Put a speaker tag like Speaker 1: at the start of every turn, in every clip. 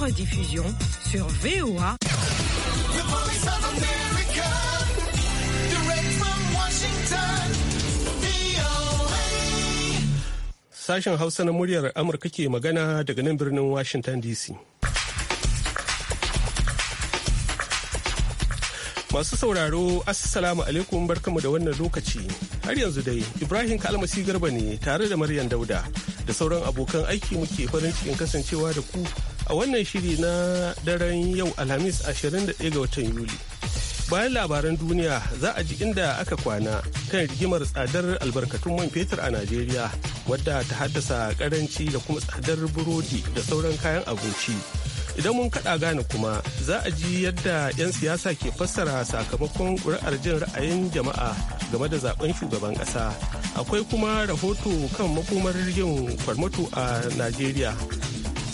Speaker 1: rediffusion sur VOA.
Speaker 2: Sashen Hausa na muryar Amurka ke magana daga nan birnin Washington DC. Masu sauraro, Assalamu alaikum barkamu da wannan lokaci. Har yanzu dai, Ibrahim Kalmasi Garba ne tare da Maryam Dauda da sauran abokan aiki muke farin cikin kasancewa da ku a wannan shiri na daren yau Alhamis 21 ga watan Yuli. Bayan labaran duniya za a ji inda aka kwana kan rigimar tsadar albarkatun man fetur a Najeriya wadda ta haddasa karanci da kuma tsadar burodi da sauran kayan abinci. idan mun kaɗa gane kuma za a ji yadda 'yan siyasa ke fassara sakamakon kuri'ar jin ra'ayin jama'a game da zaben shugaban kasa akwai kuma rahoto kan makomar yin kwarmato a najeriya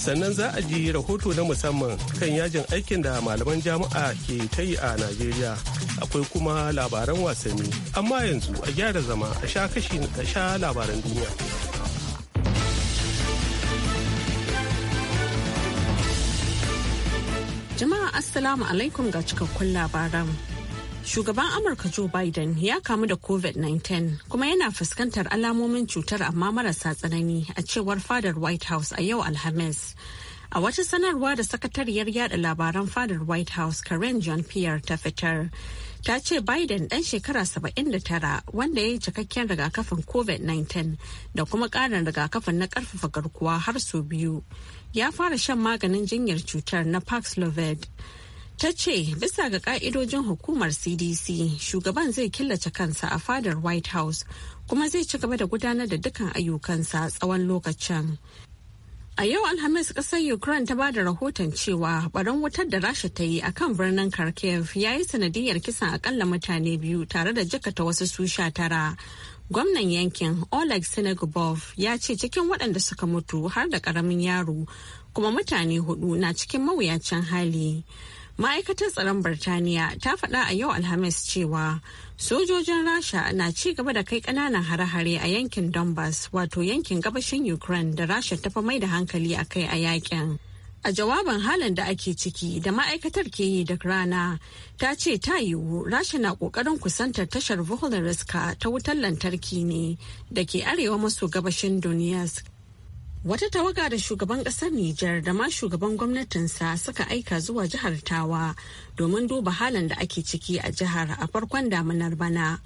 Speaker 2: sannan za a ji rahoto na musamman kan yajin aikin da malaman jami'a ke ta yi a najeriya akwai kuma labaran wasanni amma yanzu a gyara zama a sha kashi a sha labaran duniya
Speaker 3: jama'a assalamu alaikum ga cikakkun labaran Shugaban Amurka Joe Biden ya kamu da COVID-19 kuma yana fuskantar alamomin cutar amma marasa tsanani a cewar fadar White House a yau Alhamis. A wata sanarwa da sakatariyar yada labaran fadar White House Karen John Pierre ta fitar, ta ce Biden ɗan shekara 79 wanda ya yi cikakken rigakafin COVID-19 da kuma ƙarin rigakafin na ƙarfafa garkuwa har sau biyu. Ya fara shan maganin jinyar cutar na Paxlovid. ta ce bisa ga ka'idojin hukumar cdc shugaban zai killace kansa a fadar white house kuma zai ci gaba da gudanar da dukkan ayyukansa tsawon lokacin a yau alhamis kasar ukraine ta bada rahoton cewa barin wutar da rasha ta yi akan birnin kharkiv ya yi sanadiyar kisan akalla mutane biyu tare da jikata wasu su sha tara gwamnan yankin oleg senegubov ya ce cikin waɗanda suka mutu har da ƙaramin yaro kuma mutane hudu na cikin mawuyacin hali ma'aikatar tsaron birtaniya ta faɗa a yau alhamis cewa sojojin rasha na ci gaba da kai ƙananan hare-hare a yankin donbass wato yankin gabashin ukraine da rasha ta fi mai da hankali a kai a yakin a jawaban halin da ake ciki da ma'aikatar ke yi da rana ta ce ta yiwu rasha na ƙoƙarin kusantar tashar vohulariska ta wutar lantarki ne da ke arewa maso gabashin donetsk Wata tawaga da shugaban ƙasar Nijar da ma shugaban gwamnatinsa suka aika zuwa jihar Tawa domin duba halin da ake ciki a jihar a farkon damunar bana.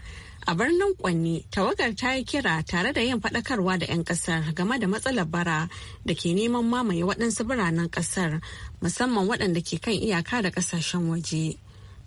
Speaker 3: A birnin Kwanni, tawagar ta yi kira tare da yin faɗakarwa da 'yan ƙasar game da matsalar bara da ke neman mamaye waɗansu biranen ƙasar musamman waɗanda ke kan iyaka da ƙasashen waje.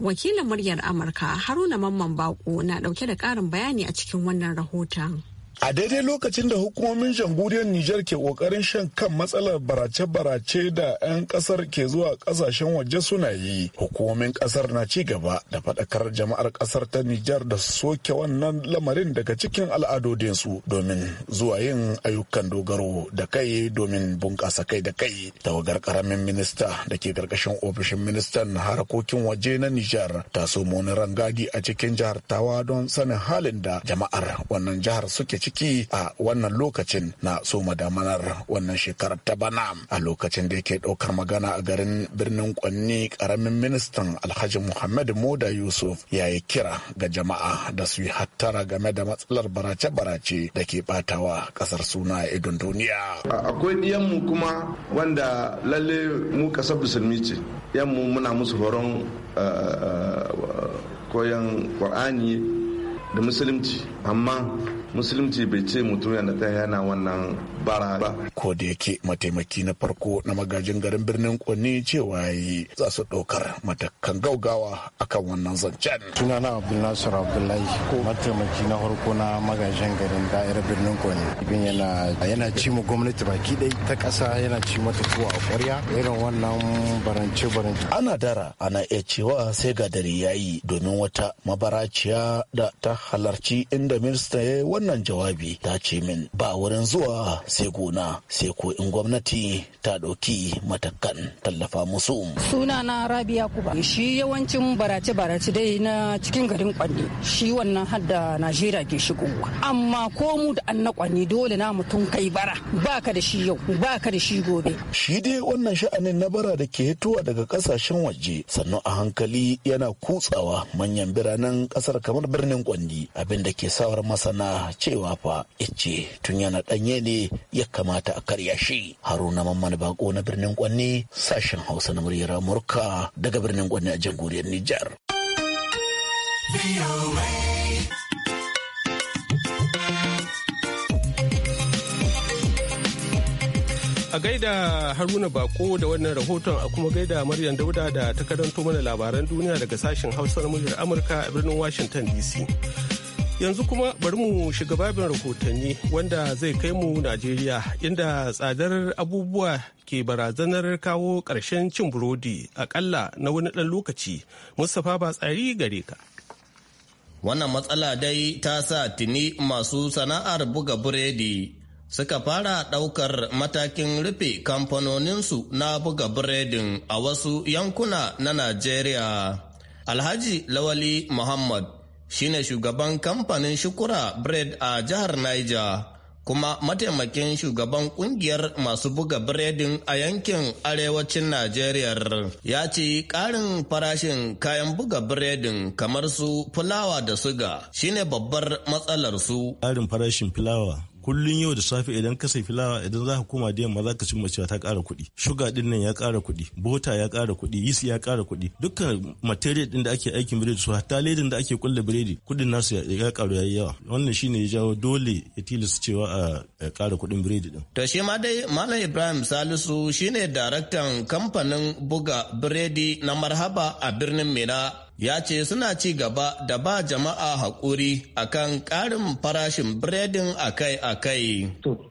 Speaker 3: Wakilin muryar Amurka Haruna Mamman Bako na ɗauke da ƙarin bayani a cikin wannan rahoton.
Speaker 4: a daidai lokacin da hukumomin jamhuriyar Nijar ke kokarin shan kan matsalar barace-barace da 'yan kasar ke zuwa kasashen waje suna yi hukumomin kasar na ci gaba da faɗakar jama'ar kasar ta Nijar da soke wannan lamarin daga cikin al'adodinsu domin zuwa yin ayyukan dogaro da kai domin bunƙasa kai da kai tawagar karamin minista da ke karkashin ofishin ministan harkokin waje na Nijar. ta somo rangadi a cikin jihar tawa don sanin halin da jama'ar wannan jihar suke ciki ciki a wannan lokacin na soma damanar wannan shekarar ta bana a lokacin da yake ɗaukar magana a garin birnin kwanni Karamin ministan alhaji muhammad moda yusuf ya yi kira ga jama'a da su yi hattara game da matsalar barace-barace da ke batawa ƙasar suna idon duniya akwai ɗiyanmu kuma wanda lalle mu ƙasar musulmi ce yanmu muna musu horon koyon ƙwar'ani da musulunci amma musulunci bai ce mutum yana ta yana wannan bara ba. Ko da yake mataimaki na farko na magajin garin birnin Kwanni cewa yi za su ɗaukar matakan gaugawa akan wannan zancen. Sunana Abdulnasir Abdullahi ko mataimaki na farko na magajin garin da'irar birnin Kwanni. Ibin yana yana ci mu gwamnati baki ɗai ta ƙasa yana ci mata tuwa a ƙwarya irin wannan barance barance. Ana dara ana iya cewa sai ga dare yayi domin wata mabaraciya da ta halarci inda minista ya yi wannan jawabi ta ce min ba wurin zuwa sai gona sai ko in gwamnati ta ɗauki matakan tallafa musu.
Speaker 5: Suna na Rabia Kuba. Shi yawancin barace-barace dai na cikin garin Kwanne. Shi wannan hadda Najeriya ke shigo Amma ko mu da an na Kwanne dole na mutum kai bara. baka da shi yau, baka da shi gobe. Shi dai wannan sha'anin na bara
Speaker 4: da ke hitowa daga kasashen waje sannu a hankali yana kutsawa manyan biranen kasar kamar birnin Kwanne abin da ke sawar masana cewa fa ice tun yana ɗanye ne ya kamata a karya shi haruna mamman bako na birnin kwanne sashen hausa na muryar amurka daga birnin kwanne a jamhuriyar nijar
Speaker 2: a gaida haruna bako da wannan rahoton a kuma gaida maryam dauda da ta karanto mana labaran duniya daga sashen Hausa na muryar amurka a birnin washington dc yanzu kuma bari mu shiga babin rahotanni wanda zai kai mu najeriya inda tsadar abubuwa ke barazanar kawo ƙarshen cin burodi akalla na wani ɗan lokaci mustapha ba tsari gare ka
Speaker 6: wannan matsala dai ta sa tuni masu sana'ar buga buredi suka fara ɗaukar matakin rufe kamfanoninsu na buga buredin a wasu yankuna na najeriya alhaji lawali muhammad shine shugaban kamfanin shukura bread a jihar Niger kuma mataimakin shugaban kungiyar masu buga biredin a yankin arewacin Najeriya ya ce ƙarin farashin kayan buga biredin kamar su fulawa da suga shine babbar matsalar su.
Speaker 7: Ƙarin farashin fulawa kullun yau da safe idan ka sai filawa idan za ka koma da yamma za ka cimma cewa ta ƙara kuɗi shuga din nan ya ƙara kuɗi bota ya ƙara kuɗi yis ya ƙara kuɗi dukkan material din da ake aikin biredi su hatta ledin da ake kulle biredi kuɗin nasu ya ƙaru ya yi yawa wannan shine ya jawo dole ya tilasta cewa a ƙara kuɗin biredi din.
Speaker 6: to shi ma dai malam ibrahim salisu shine daraktan kamfanin buga biredi na marhaba a birnin mina ya ce suna ci gaba da ba jama'a haƙuri akan ƙarin farashin biredin akai-akai.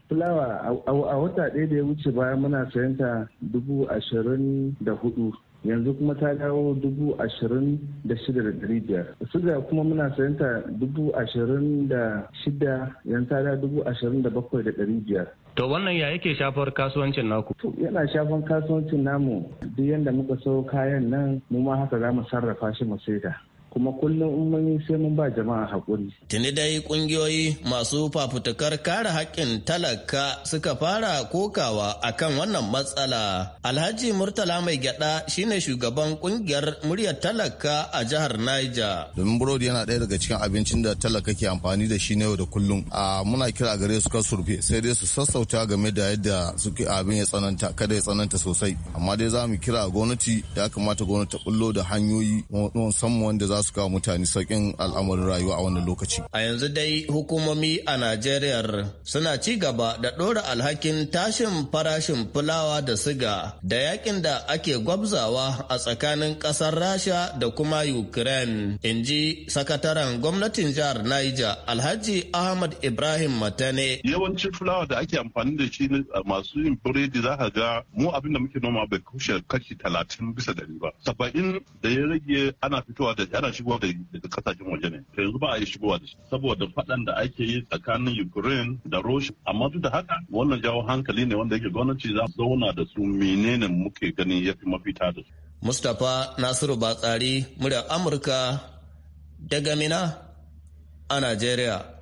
Speaker 8: fulawa a wata ɗaya da ya wuce baya muna sayan ta dubu ashirin da hudu yanzu kuma ta dawo dubu ashirin da shida da dari biyar suga kuma muna sayan ta dubu ashirin da shida yanzu ta dawo dubu ashirin da bakwai da dari biyar
Speaker 6: To wannan ya yake shafar kasuwancin naku?
Speaker 8: Yana shafar kasuwancin namu duk yadda muka sau kayan nan mu ma haka za mu sarrafa shi mu saida. kuma kullum in mun sai mun ba jama'a haƙuri.
Speaker 6: Tuni dai ƙungiyoyi masu fafutukar kare haƙƙin talaka suka fara kokawa akan wannan matsala. Alhaji Murtala mai gyaɗa shine shugaban ƙungiyar muryar talaka a jihar Niger.
Speaker 9: Domin burodi yana ɗaya daga cikin abincin da talaka ke amfani da shi na yau da kullum. A muna kira gare su kan surfe sai dai su sassauta game da yadda suke abin ya tsananta kada ya tsananta sosai. Amma dai za mu kira gwamnati da ya kamata gwamnati ta bullo da hanyoyi musamman wanda za su kawo mutane sauƙin al'amarin rayuwa a wannan lokaci.
Speaker 6: A yanzu dai hukumomi a Najeriya suna ci gaba da ɗora alhakin tashin farashin fulawa da siga da yakin da ake gwabzawa a tsakanin ƙasar Rasha da kuma Ukraine, in ji sakataren gwamnatin jihar Niger Alhaji Ahmad Ibrahim Matane. Yawancin
Speaker 7: fulawa da ake amfani da shi masu yin biredi za ka ga mu abin da muke noma bai kushe kashi talatin bisa dari ba. Saba'in da ya rage ana fitowa da ana da daga kasashen waje ne yanzu ba a yi shigowa da shi saboda faɗan da ake yi tsakanin ukraine da russia amma
Speaker 6: duk da haka wannan jawo hankali ne wanda yake gwamnati za su zauna da su menene muke ganin ya fi mafita da su mustapha nasiru batsari muryar amurka daga mina a najeriya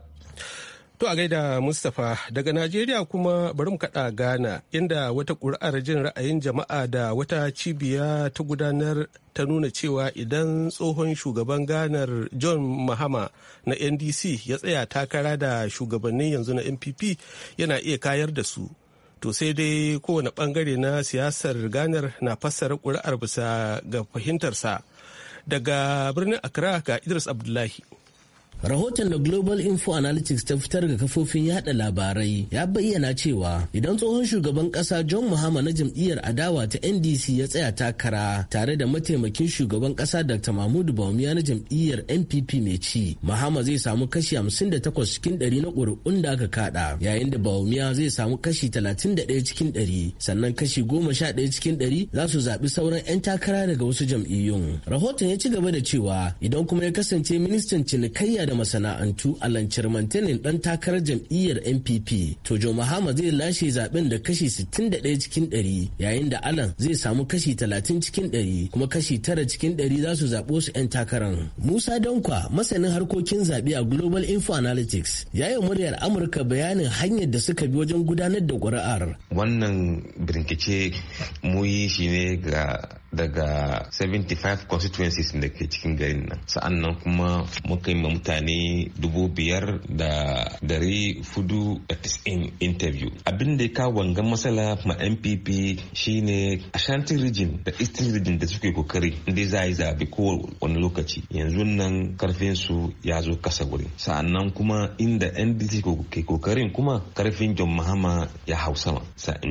Speaker 2: To a gaida Mustapha daga Najeriya kuma bari mu kaɗa gana, inda wata ƙuri'ar jin ra'ayin jama'a da wata cibiya ta gudanar ta nuna cewa idan tsohon shugaban ganar John Mahama na NDC ya tsaya takara da shugabannin yanzu na NPP yana iya kayar da su. To sai dai kowane ɓangare na siyasar ganar na fassara ƙuri'ar bisa ga fahimtarsa. Daga birnin Accra ga Idris Abdullahi.
Speaker 10: Rahoton da Global Info Analytics ta fitar ga kafofin yada labarai ya bayyana cewa idan tsohon shugaban kasa John Mahama na jam'iyyar adawa ta NDC ya tsaya takara tare da mataimakin shugaban kasa Dr. Mahmudu Bawumia na jam'iyyar NPP mai ci, Mahama zai samu kashi 58 cikin 100 na kuri'un da aka kada, yayin da Bawumia zai samu kashi 31 cikin 100, sannan kashi 11 cikin 100 za su zaɓi sauran 'yan takara daga wasu jam'iyyun. Rahoton ya ci gaba da cewa idan kuma ya kasance ministan cinikayya da masana'antu a mantanin dan takarar jam'iyyar npp tojo mahama zai lashe zaben da kashi 61 cikin 100 yayin da alan zai samu kashi 30 cikin 100 kuma kashi 9 cikin 100 za su zabo su 'yan takarar musa dankwa masanin harkokin zaɓe a global info analytics ya yi muryar amurka bayanin hanyar da suka bi wajen gudanar da ƙuri'ar
Speaker 7: wannan birkice mu yi shi ne ga daga 75 constituencies da ke cikin garin nan sa'an nan kuma muka yi ma mutane dubu biyar da dari fudu in interview abin da ya kawo wangan matsala ma npp shine ashanti region da eastern region da suke kokari inda za yi zabe ko wani lokaci yanzu nan karfin su ya zo kasa wuri sa'an nan kuma inda ndc ke kokarin kuma karfin john mahama ya hau sama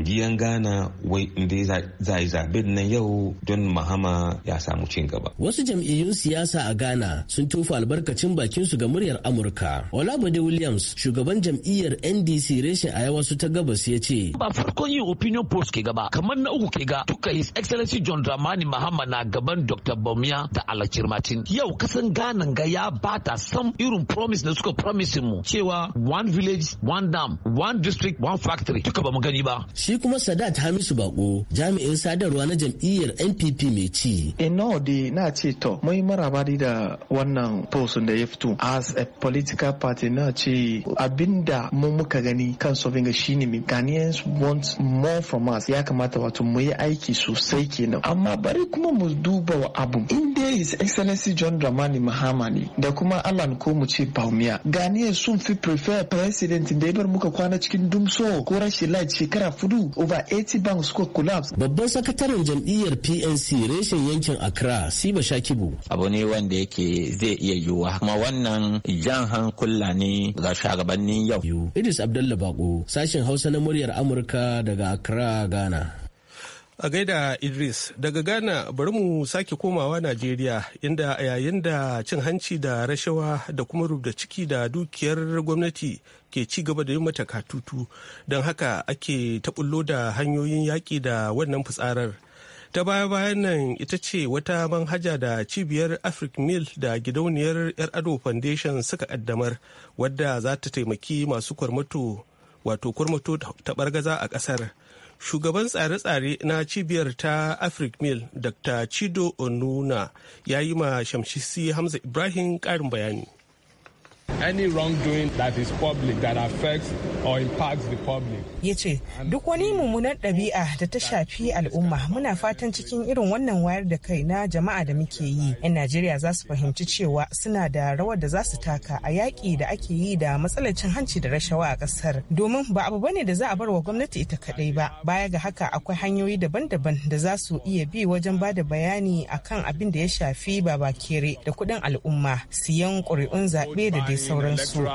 Speaker 7: yan ghana wai inda za a yi zaben na yau don mahama ya samu cin gaba
Speaker 10: wasu jam'iyyun siyasa a ghana sun tofa albarkacin bakin su ga muryar amurka olabode williams shugaban jam'iyyar ndc reshen a su ta gabas ya ce
Speaker 4: ba farkon yin opinion post ke gaba kamar
Speaker 10: na uku ke ga duka his excellency
Speaker 4: john dramani mahama na gaban dr bamiya da alakir martin yau kasan ghana ga ya bata sam irin promise na suka promise mu cewa one village one dam one district one factory duka ba mu gani ba
Speaker 10: Shi kuma Sadat Hamisu Bako jami'in sadarwa na jam'iyyar NPP mai ci.
Speaker 2: Ino de na ce to mai maraba da wannan posun da ya fito as a political party na ce abinda mu muka gani kan Sovinga shine mai Ghanaians want more from us ya kamata wato mu yi aiki sosai kenan amma bari kuma mu duba wa abu in dai His Excellency John Dramani Mahama ne da kuma Alan ko mu ce Baumia. sun fi prefer president da ya bar muka kwana cikin
Speaker 10: dumso ko rashin light shekara fudu over 80 banks suka collapse. Babban sakataren jam'iyyar PNC reshen yankin Accra Siba Shakibu.
Speaker 4: Abu ne wanda yake zai iya yiwuwa kuma wannan jan hankula ne ga shugabannin yau.
Speaker 10: Idris abdullahi Bako sashen Hausa na muryar Amurka daga Accra Ghana.
Speaker 2: A gaida Idris daga Ghana bari mu sake komawa Najeriya inda a yayin da cin hanci da rashawa da kuma rubda ciki da dukiyar gwamnati ke ci gaba da yi mata katutu don haka ake taɓullo da hanyoyin yaƙi da wannan fitsarar. Ta baya-bayan nan ita ce wata manhaja da cibiyar Afric Mill da gidauniyar 'yar ado foundation suka ƙaddamar wadda za ta taimaki masu kwarmato wato kwarmato ta bargaza a ƙasar. shugaban tsare-tsare na cibiyar ta afric mill dr chido onuna ya yi ma shamsisi hamza ibrahim karin bayani any wrongdoing that is public that affects or impacts the
Speaker 1: public. Ya ce, duk wani mummunar ɗabi'a da ta shafi al'umma muna fatan cikin irin wannan wayar da kai na jama'a da muke yi. 'Yan Najeriya za su fahimci cewa suna da rawar da za su taka a yaƙi da ake yi da matsalar cin hanci da rashawa a ƙasar. Domin ba abu bane da za a bar wa gwamnati ita kaɗai ba. Baya ga haka akwai hanyoyi daban-daban da za su iya bi wajen ba da bayani akan abin da ya shafi kere da kuɗin al'umma, siyan ƙuri'un zaɓe da dai sauransu.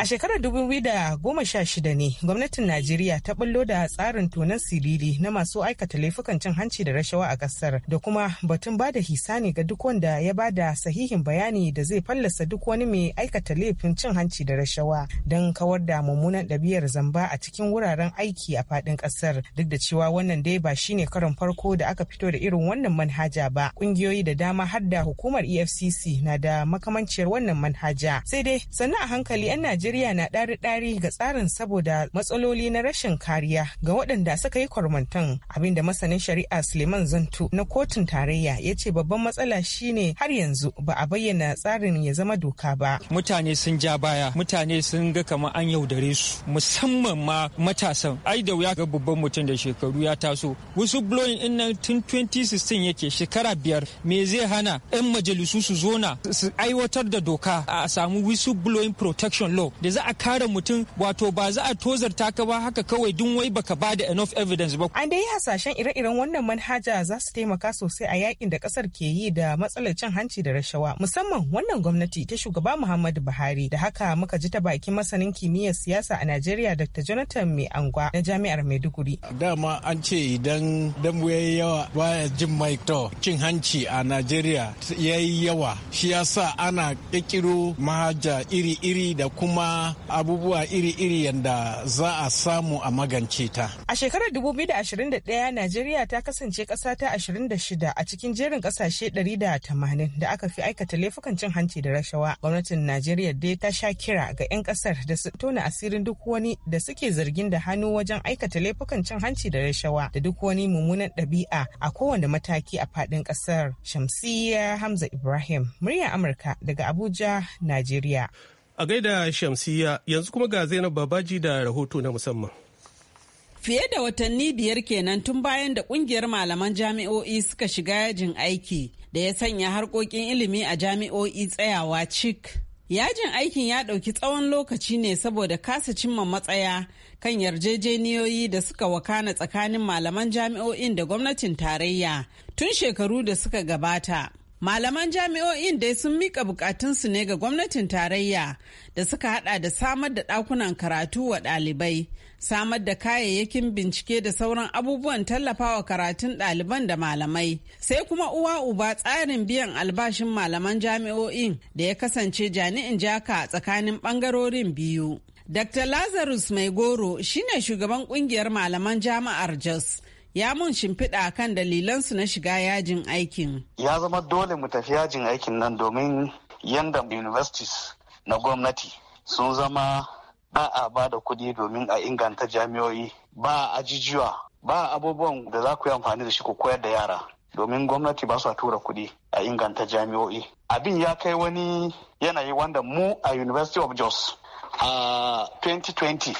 Speaker 1: A shekarar 2016 ne gwamnatin Najeriya ta bullo da tsarin tunan siriri na masu aikata laifukan cin hanci da rashawa a kasar da kuma batun ba da hisani ga duk wanda ya ba da sahihin bayani da zai fallasa duk wani mai aikata laifin cin hanci da rashawa don kawar da mummunan ɗabi'ar zamba a cikin wuraren aiki a faɗin ƙasar duk da cewa wannan dai ba shine karon farko da aka fito da irin wannan manhaja ba ƙungiyoyi da dama har da hukumar EFCC na da makamanciyar wannan manhaja sai dai sannan a hankali 'yan najeriya na ɗari-ɗari ga tsarin saboda matsaloli na rashin kariya ga waɗanda suka yi kwarmantan abinda masanin shari'a suleiman zantu na kotun tarayya ya ce babban matsala shine har yanzu ba a bayyana tsarin ya zama doka ba
Speaker 2: mutane sun ja baya mutane sun ga kamar an yaudare su musamman ma matasan ai da wuya ga babban mutum da shekaru ya taso wasu blowing in nan tun 2016 yake shekara biyar me zai hana 'yan majalisu su zona su aiwatar da doka a samu wisu whistleblowing protection law da za a kare mutum wato ba za a tozarta ka ba
Speaker 1: haka kawai dun wai baka ba da enough evidence ba. An dai hasashen ire-iren wannan manhaja za su taimaka sosai a yakin da kasar ke yi da matsalar cin hanci da rashawa musamman wannan gwamnati ta shugaba Muhammadu Buhari da haka muka ji ta bakin masanin kimiyyar siyasa a Najeriya Dr. Jonathan Mai Angwa na Jami'ar Maiduguri.
Speaker 11: Dama an ce idan ya yayi yawa baya jin mai to cin hanci a Najeriya yayi yawa shi yasa ana kirkiro manhaja iri-iri da kuma abubuwa iri-iri yadda za a samu a magance ta.
Speaker 1: A shekarar 2021 Najeriya ta kasance ƙasa ta 26 a cikin jerin ƙasashe 180 da aka fi aikata laifukan cin hanci da rashawa. Gwamnatin Najeriya dai ta sha kira ga 'yan ƙasar da su tona asirin duk wani da suke zargin da hannu wajen aikata laifukan cin hanci da rashawa da duk wani mummunan ɗabi'a a kowane mataki a faɗin ƙasar. Shamsiyya Hamza Ibrahim, murya Amurka daga Abuja, Najeriya.
Speaker 2: A gaida shamsiyya yanzu kuma ga Zainab Babaji da rahoto na musamman.
Speaker 5: Fiye da watanni biyar kenan tun bayan da kungiyar malaman jami'o'i suka shiga yajin aiki da ya sanya harkokin ilimi a jami'o'i tsayawa cik. Yajin aikin ya ɗauki tsawon lokaci ne saboda kasa cimma matsaya kan yarjejeniyoyi da suka wakana tsakanin malaman jami'o'in da gwamnatin tarayya tun shekaru da suka gabata. Malaman jami'o'in dai sun mika bukatunsu ne ga gwamnatin tarayya da suka hada da samar da dakunan karatu wa dalibai, samar da kayayyakin bincike da sauran abubuwan tallafawa karatun ɗaliban da malamai. Sai kuma uwa uba tsarin biyan albashin malaman jami'o'in da ya kasance jani'in jaka tsakanin bangarorin biyu. Dr. Lazarus Maigoro shine shugaban kungiyar malaman Jama'ar Jos. ya mun shimfiɗa kan dalilansu na shiga yajin aikin.
Speaker 8: Ya zama dole mu tafi yajin aikin nan domin yanda universities na gwamnati sun zama ba a ba da kuɗi domin a inganta jami'oi ba ajijuwa ba abubuwan da za ku yi amfani da shi ku koyar da yara domin gwamnati ba su tura kuɗi a inganta jami'oi. Abin ya kai wani yanayi wanda mu a University of Jos a 2020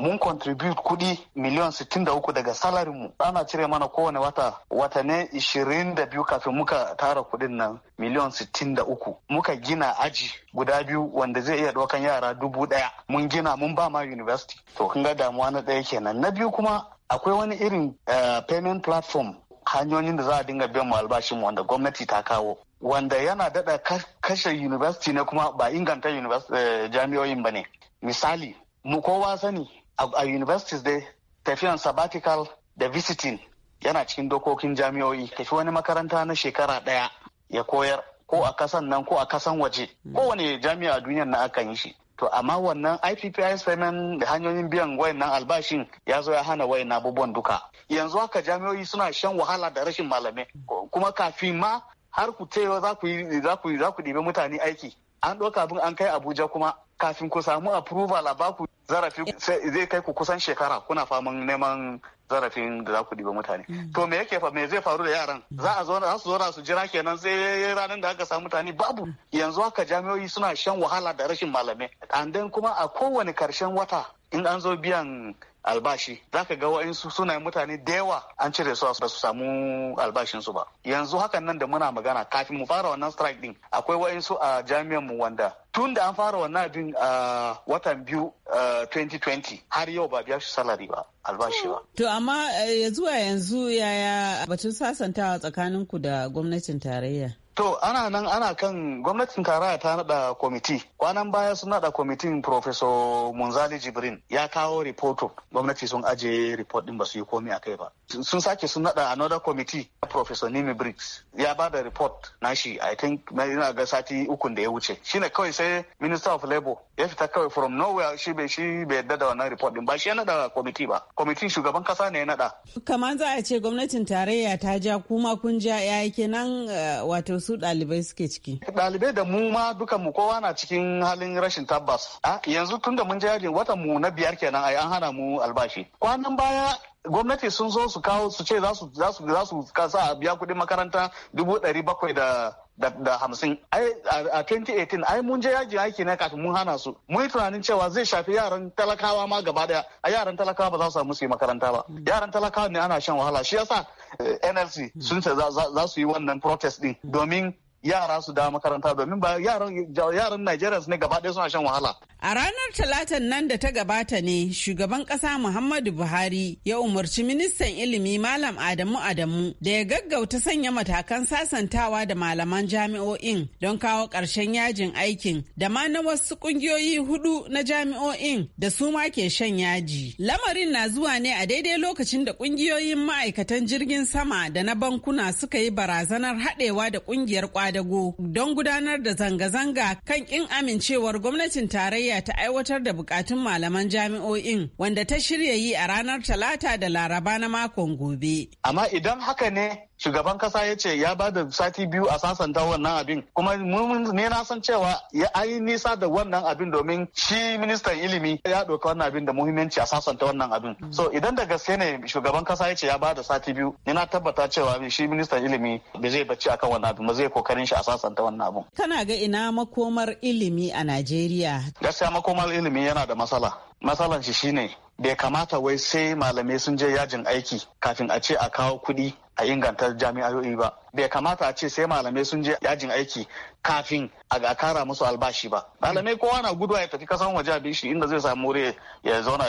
Speaker 8: mun contribute kuɗi miliyan 63 daga salary mu ana cire mana kowane wata watanni 22 kafin muka tara kuɗin nan miliyan 63 muka gina aji guda biyu wanda zai iya ɗaukan yara dubu daya mun gina mun ba ma university to kun ga damuwa na ɗaya kenan na biyu kuma akwai wani irin eh, payment platform hanyoyin da za a dinga biyan mu albashin wanda gwamnati ta kawo wanda yana dada kashe university ne kuma ba inganta eh, jami'oyin ba ne misali mu kowa sani a universities dai tafiyan sabbatical da visiting yana cikin dokokin jami'o'i tafi wani makaranta na shekara ɗaya ya koyar ko a kasan nan ko a kasan waje hmm. kowane jami'a a duniyar na akan yi shi to amma wannan IPPIS payment da hanyoyin biyan wayannan albashin ya zo ya hana wayannan abubuwan duka yanzu haka jami'o'i suna shan wahala da rashin malamai kuma kafin ma har ku cewa za ku yi za ku za ku ɗibi mutane aiki an ɗauka abin an kai Abuja kuma kafin ku samu approval a baku zarafi eh. zai kai ku kusan shekara kuna faman neman zarafin da za ku diba mutane mm. to me yake me zai faru da yaran mm. za a zo su zo su jira kenan sai ranar da aka samu mutane babu mm. yanzu haka jami'o'i suna shan wahala da rashin malamai and then kuma a kowane karshen wata in an zo biyan albashi za ka ga wa'insu yi mutane da yawa an cire su ba su samu albashinsu ba yanzu hakan nan da muna magana kafin mu fara wannan strike din akwai wa'insu a jami'an mu wanda tun da an fara wannan abin a watan biyu 2020 har yau ba biya shi salari ba albashi ba.
Speaker 5: To amma eh, ya zuwa yanzu yaya batun sasantawa tsakaninku da gwamnatin tarayya?
Speaker 8: To ana nan ana kan gwamnatin tarayya ta nada kwamiti. Kwanan baya sun nada kwamitin Professor Munzali Jibrin ya kawo ripoto. Gwamnati sun aje report din ba su yi komi akai ba. Sun sake sun nada another committee Professor Nimi Briggs ya ba da report nashi I think na ina ga sati ukun da ya wuce. Shine kawai sai Minister of Labour ya fita kawai from nowhere shi bai shi bai yadda da wannan report din ba shi ya nada kwamiti ba. Kwamitin shugaban kasa ne ya nada.
Speaker 5: Kamar za a ce gwamnatin tarayya ta ja kuma kun ja ya kenan eh, wato su dalibai suke ciki?
Speaker 8: Dalibai da mu ma duka mu kowa na cikin halin rashin tabbas. Ah, yanzu tun da mun je yajin watan mu na biyar kenan ai an hana mu albashi. Kwanan baya gwamnati sun zo su kawo su ce za su za su za su kasa biya kuɗin makaranta dubu ɗari bakwai da da hamsin a 2018 ai mun je yajin aiki na kafin mun hana su mun yi tunanin cewa zai shafi yaran talakawa ma gaba daya a yaran talakawa ba za su samu su yi makaranta ba mm. yaran talakawa ne ana shan wahala shi yasa eh, nlc sun ce za su yi wannan protest din mm. domin yara su da makaranta domin ba yaran yaran Najeriya ne gaba ɗaya suna shan wahala.
Speaker 5: A ranar Talatan nan da ta gabata ne shugaban ƙasa Muhammadu Buhari ya umarci ministan ilimi Malam Adamu Adamu da ya gaggauta sanya matakan sasantawa da malaman jami'o'in don kawo ƙarshen yajin aikin da ma na wasu ƙungiyoyi hudu na jami'o'in da su ma ke shan yaji. Lamarin na zuwa ne a daidai lokacin da ƙungiyoyin ma'aikatan jirgin sama da na bankuna suka yi barazanar haɗewa da ƙungiyar kwadago don gudanar da zanga-zanga kan in amincewar gwamnatin tarayya ta aiwatar da bukatun malaman jami'o'in wanda ta shirya yi a ranar talata da laraba na makon
Speaker 8: gobe. Amma idan haka ne shugaban kasa ya ce ya ba da sati biyu a sasanta wannan abin kuma ne na san cewa ya ayi nisa da wannan abin domin shi ministan ilimi ya ɗauki wannan abin da muhimmanci a sasanta wannan abin mm. so idan da gaske ne shugaban kasa ya ce ya ba da sati biyu ni na tabbata cewa shi ministan ilimi ba zai bacci akan wannan abin ba zai kokarin shi a sasanta wannan abin
Speaker 5: kana ga ina makomar ilimi a Najeriya
Speaker 8: gaskiya makomar ilimi yana da matsala matsalan shi shine bai kamata wai sai malamai sun je yajin aiki kafin a ce a kawo kuɗi a inganta jami'ayoyi ba bai kamata a ce sai malamai sun je yajin aiki kafin a kara musu albashi ba malamai kowa na guduwa ya tafi kasan waje a shi inda zai samu wuri ya zauna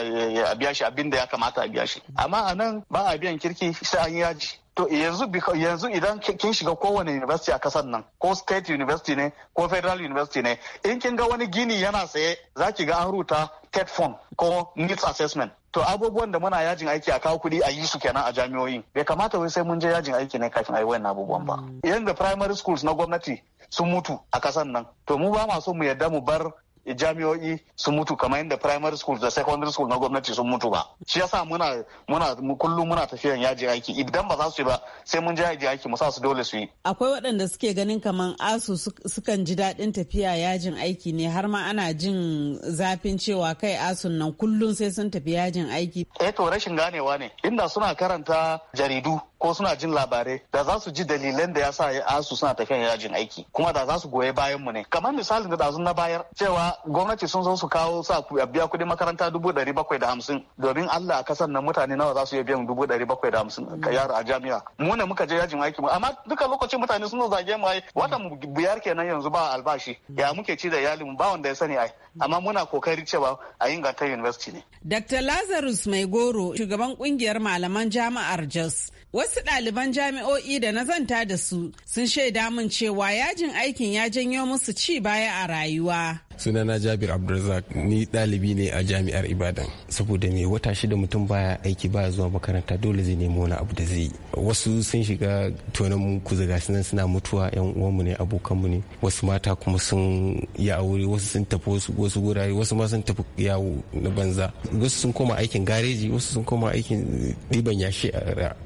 Speaker 8: a biya shi abin da ya kamata a biya shi amma anan nan ba a biyan kirki sai an yaji To yanzu yanzu idan kin shiga kowane university a kasar nan ko state university ne ko federal university ne in kin ga wani gini yana saye za ki ga an ruta TED phone ko needs assessment. To abubuwan da muna yajin aiki a kawo kuɗi a yi su kenan a jami'o'i bai kamata wai sai mun je yajin aiki ne kafin a yi wayan abubuwan ba. Mm. Yanda primary schools na gwamnati sun mutu a kasar nan to mu ba ma so mu yadda mu bar jami'o'i sun mutu kamar yadda primary school da secondary school na gwamnati sun mutu ba shi yasa muna muna kullum muna tafiyan yaji aiki idan ba za su yi ba sai mun ji yaji aiki mu sa su dole su yi
Speaker 5: akwai waɗanda suke ganin kamar asu sukan ji daɗin tafiya yajin aiki ne har ma ana jin zafin cewa kai asun nan kullum sai sun tafi yajin aiki eh
Speaker 8: to rashin ganewa ne inda suna karanta jaridu ko suna jin labarai da za su ji dalilan da ya sa asu suna tafiyan yajin aiki kuma da za su goye bayan mu ne kamar misalin da dazun na bayar cewa gwamnati sun zo su kawo sa biya kuɗin makaranta dubu ɗari bakwai da hamsin domin Allah a kasar nan mutane nawa za su iya biyan dubu ɗari bakwai da hamsin ka mm. yaro a jami'a mu ne muka je yajin aiki mu amma duka lokacin mutane sun zo zage mu ai mu biyar kenan yanzu ba albashi mm. ya muke ci da iyali mu ba wanda ya sani ai mm. amma muna kokari cewa a inganta university ne.
Speaker 5: Dr. Lazarus Mai Goro, shugaban kungiyar malaman jami'ar Jos, Wasu ɗaliban jami'o'i da na zanta da su sun shaida min cewa yajin aikin ya janyo musu ci baya a rayuwa.
Speaker 2: suna na jabir abdulrazak ni dalibi ne a jami'ar ibadan saboda me wata shida mutum baya aiki baya zuwa makaranta dole zai nemo wani abu da zai wasu sun shiga tonan ku zaga sunan suna mutuwa yan uwanmu ne abokanmu ne wasu mata kuma sun yi aure wasu sun tafi wasu wasu gurare wasu ma sun tafi yawo na banza wasu sun koma aikin gareji wasu sun koma aikin ɗiban yashi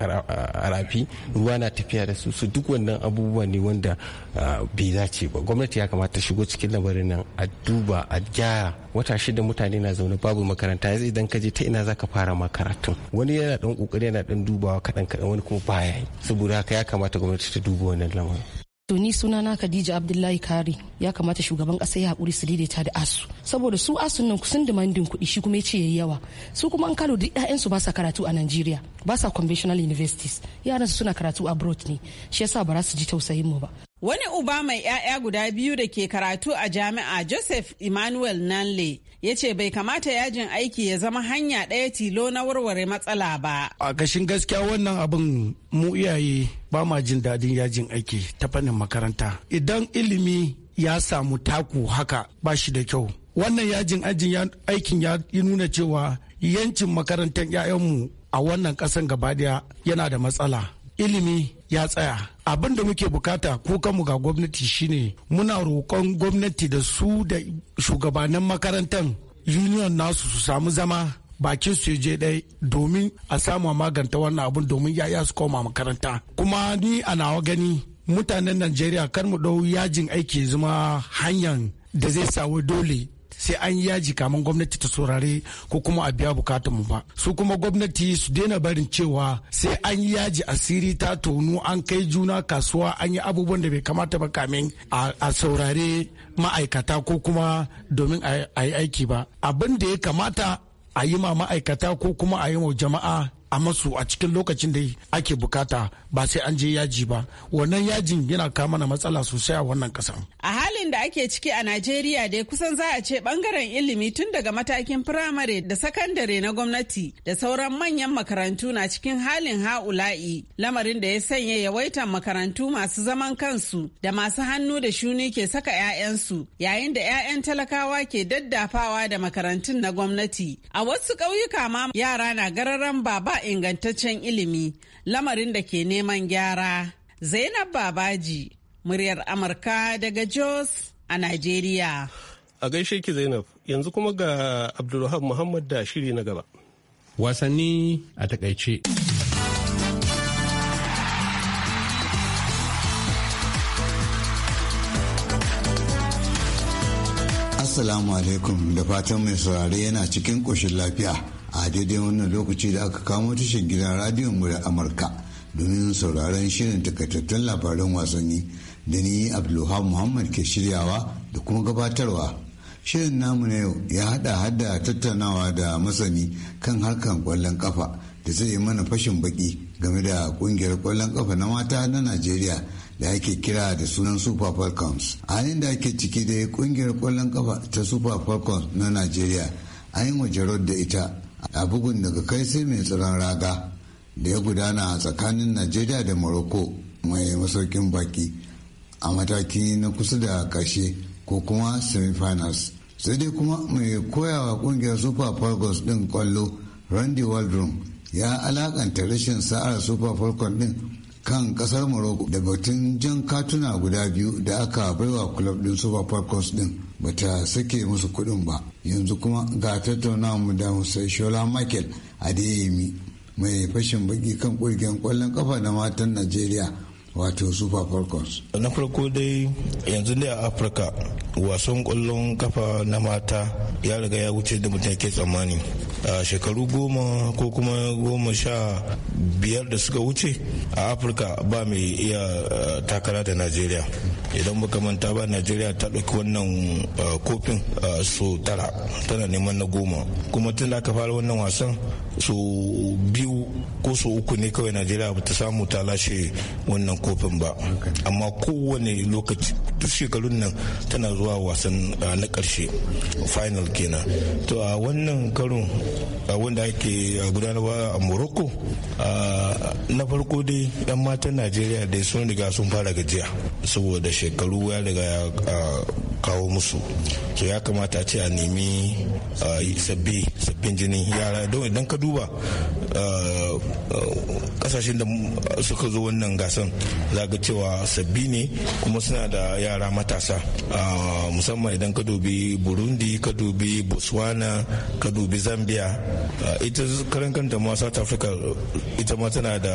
Speaker 2: a rafi ruwa na tafiya da su su duk wannan abubuwa ne wanda ah, bai dace ba gwamnati ya kamata shigo cikin lamarin nan a duba a gyara wata shida mutane na zaune babu makaranta yanzu idan ka je ta ina zaka fara karatu wani yana dan kokari yana dan dubawa kadan kadan wani kuma baya saboda haka ya kamata gwamnati ta duba wannan lamarin
Speaker 5: To ni sunana Khadija Abdullahi Kari ya kamata shugaban kasa ya haƙuri su daidaita da asu saboda su asu nan sun demandin kuɗi shi kuma ya ce yayi yawa su kuma an kalo duk ƴaƴan su ba sa karatu a Najeriya ba sa conventional universities yaran su suna karatu abroad ne shi yasa ba za su ji tausayin mu ba. Wani uba mai ƴaƴa guda biyu da ke karatu a jami'a Joseph Emmanuel Nanle ya ce bai kamata yajin aiki ya zama hanya ɗaya tilo na warware matsala ba.
Speaker 11: A kashin gaskiya wannan abin mu iyaye ba ma jin daɗin yajin aiki ta fannin makaranta. Idan ilimi ya samu taku haka ba shi da kyau. Wannan yajin aikin ya nuna cewa yancin makarantar 'ya'yanmu a wannan ƙasan gaba yana da matsala. Ilimi ya tsaya abin da muke bukata ko kanmu ga gwamnati shine muna roƙon gwamnati da su da shugabannin makarantar union nasu su samu zama bakin su je ɗaya domin a samu maganta wannan abun domin yaya su koma makaranta kuma ni a nawa gani mutanen najeriya kar mu ɗau yajin aiki zuma hanyan da zai sawo dole sai an yaji kamin gwamnati ta saurare ko kuma a biya bukatun mu ba su kuma gwamnati su daina barin cewa sai an yaji asiri ta tonu an kai juna kasuwa an yi abubuwan da bai kamata ba kamin a saurare ma'aikata ko kuma domin a yi aiki ba abin da ya kamata a yi ma ma'aikata ko kuma a yi ma jama'a a masu a cikin lokacin da ake bukata ba sai an je yaji ba wannan yajin yana kama na matsala sosai a wannan kasan
Speaker 5: a halin da ake ciki a najeriya dai kusan za a ce bangaren ilimi tun daga matakin firamare da sakandare na gwamnati da sauran manyan makarantu na cikin halin ha'ula'i lamarin da ya sanya yawaitan makarantu masu zaman kansu da masu hannu da shuni ke saka 'ya'yansu yayin da 'ya'yan talakawa ke daddafawa da makarantun na gwamnati a wasu ƙauyuka ma yara na gararan baba A ingantaccen ilimi lamarin da ke neman gyara. Zainab Babaji, muryar Amurka daga Jos a Najeriya.
Speaker 2: A gaishe ki Zainab, yanzu kuma ga Abdulrahman Muhammad da shiri na gaba. Wasanni a takaice.
Speaker 9: Assalamu alaikum da fatan mai saurare yana cikin ƙoshin lafiya. a daidai wannan lokaci da aka kamo tashar gidan radiyon mu amurka domin sauraron shirin takaitattun labaran wasanni da ni abdulham muhammad ke shiryawa da kuma gabatarwa shirin namu na yau ya hada hada tattaunawa da masani kan harkar kwallon kafa da zai yi mana fashin baki game da kungiyar kwallon kafa na mata na najeriya da ake kira da sunan super falcons a halin da ake ciki da kungiyar kwallon kafa ta super falcons na najeriya a yi waje da ita a bugun daga kai sai mai tsiron raga da ya gudana a tsakanin najeriya da morocco mai masaukin baki a mataki na kusa da kashe ko kuma semifinals sai dai kuma mai koyawa kungiyar super falcons din kwallo randy waldron ya alakanta rashin sa'ar super falcons din kan kasar Morocco da batun jan katuna guda biyu da aka baiwa club din Super Falcons din bata sake musu kuɗin ba yanzu kuma ga tattaunawa mu da musai Shola Michael Adeyemi mai fashin baki kan ƙungiyar ƙwallon ƙafa na matan Najeriya wato super falcons
Speaker 7: na farko dai yanzu ne a afirka wasan kwallon kafa na mata ya riga ya wuce da mutum ke tsammani a shekaru goma ko kuma goma sha biyar da suka wuce a afirka ba mai iya takara da najeriya idan baka manta ba najeriya ta ɗauki wannan kofin so tara tana neman na goma kuma tun da aka fara wannan wasan so biyu ko so uku ne kawai najeriya ta samu ta lashe wannan kofin ba amma kowane lokaci duk shekarun nan tana zuwa wasan ah, na karshe final kenan to a wannan karon wanda ake ah, gudanarwa a morocco ah, na farko dai yan matan najeriya dai sun riga sun fara gajiya saboda shekaru ya daga kawo musu to ya kamata ce a nemi sabbin jini yara don idan ka duba kasashen da suka zo wannan gasan zaga cewa sabbi ne kuma suna da yara matasa musamman idan ka dubi burundi ka dubi botswana ka dubi zambia ita karan kanta ma south africa ita ma tana da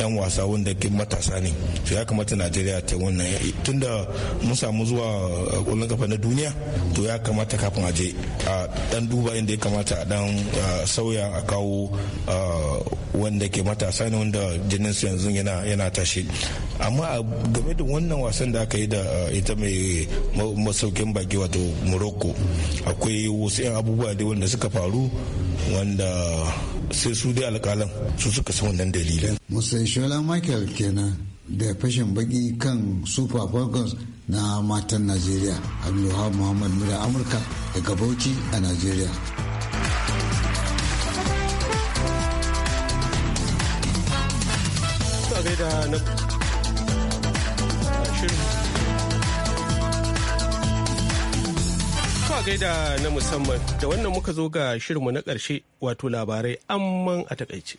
Speaker 7: yan wasa wanda matasa ne to ya kamata najeriya ta wannan tunda mun samu zuwa Eh, kwallon kafa na duniya to ya kamata kafin a je a dan duba inda ya kamata a dan eh, sauya a kawo eh, wanda ke matasa ne wanda jinin su yanzu yana yana tashi amma game da wannan wasan da aka yi da ita mai masaukin baki wato morocco akwai wasu 'yan abubuwa da wanda suka faru wanda sai su dai alkalan su suka san wannan dalilin.
Speaker 9: Musa Shola Michael kenan da fashin baki kan Super Falcons na matan najeriya Abdullahi muhammad Mura amurka daga bauchi a najeriya
Speaker 2: gaida na musamman da wannan muka zo ga shirinmu na ƙarshe wato labarai amman a takaice.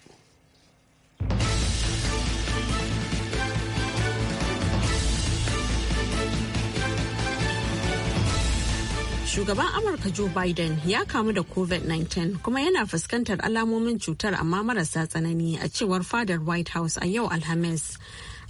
Speaker 3: shugaban Amurka Joe Biden ya kamu da COVID-19 kuma yana fuskantar alamomin cutar amma marasa tsanani a cewar fadar White House a yau Alhamis.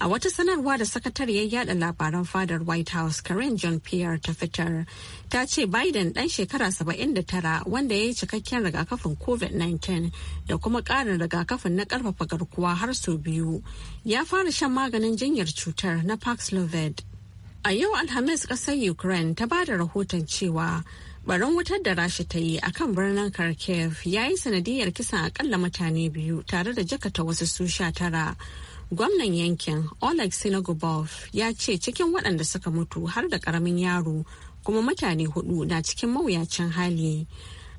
Speaker 3: A wata sanarwa da sakatariyar yada labaran fadar White House Karen John Pierre ta fitar, ta ce Biden dan shekara 79 wanda ya yi cikakken rigakafin COVID-19 da kuma ƙarin rigakafin na ƙarfafa garkuwa har sau biyu, ya fara shan maganin jinyar cutar na Paxlovid A yau Alhamis kasar Ukraine ta ba da rahoton cewa barin wutar da rasha ta yi a kan birnin kharkiv ya yi sanadiyar kisan akalla mutane biyu tare da jakata wasu su sha tara gwamnan yankin oleg sinagobov ya ce cikin waɗanda suka mutu har da ƙaramin yaro kuma mutane hudu na cikin mawuyacin hali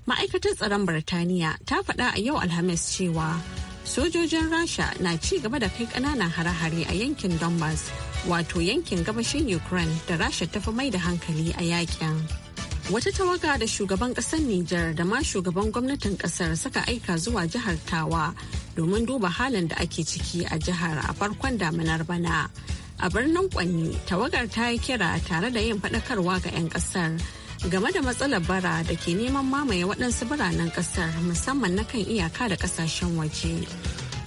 Speaker 3: ma'aikatar tsaron birtaniya ta faɗa a yau alhamis cewa sojojin rasha na ci gaba da kai ƙananan hare-hare a yankin donbass wato yankin gabashin ukraine da rasha ta fi mai da hankali a yakin wata tawaga da shugaban kasar niger da ma shugaban gwamnatin kasar suka aika zuwa jihar tawa domin duba halin da ake ciki a jihar a farkon damunar bana a birnin kwanni tawagar ta yi kira tare da yin faɗakarwa ga 'yan kasar game da matsalar bara da ke neman mamaye waɗansu biranen kasar musamman na kan iyaka da ƙasashen waje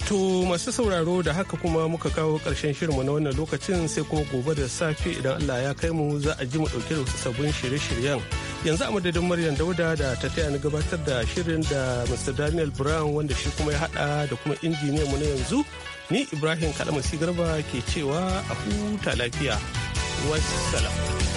Speaker 2: To masu sauraro da haka kuma muka kawo ƙarshen shirinmu na wannan lokacin sai kuma gobe da safe idan Allah ya kai mu za a ji mu ɗauke da wasu sabbin shirye-shiryen. Yanzu a madadin Maryam Dauda da ta taya ni gabatar da shirin da Mr. Daniel Brown wanda shi kuma ya haɗa da kuma injiniyan mu na yanzu ni Ibrahim Kalamasi Garba ke cewa a huta lafiya. Wassalam.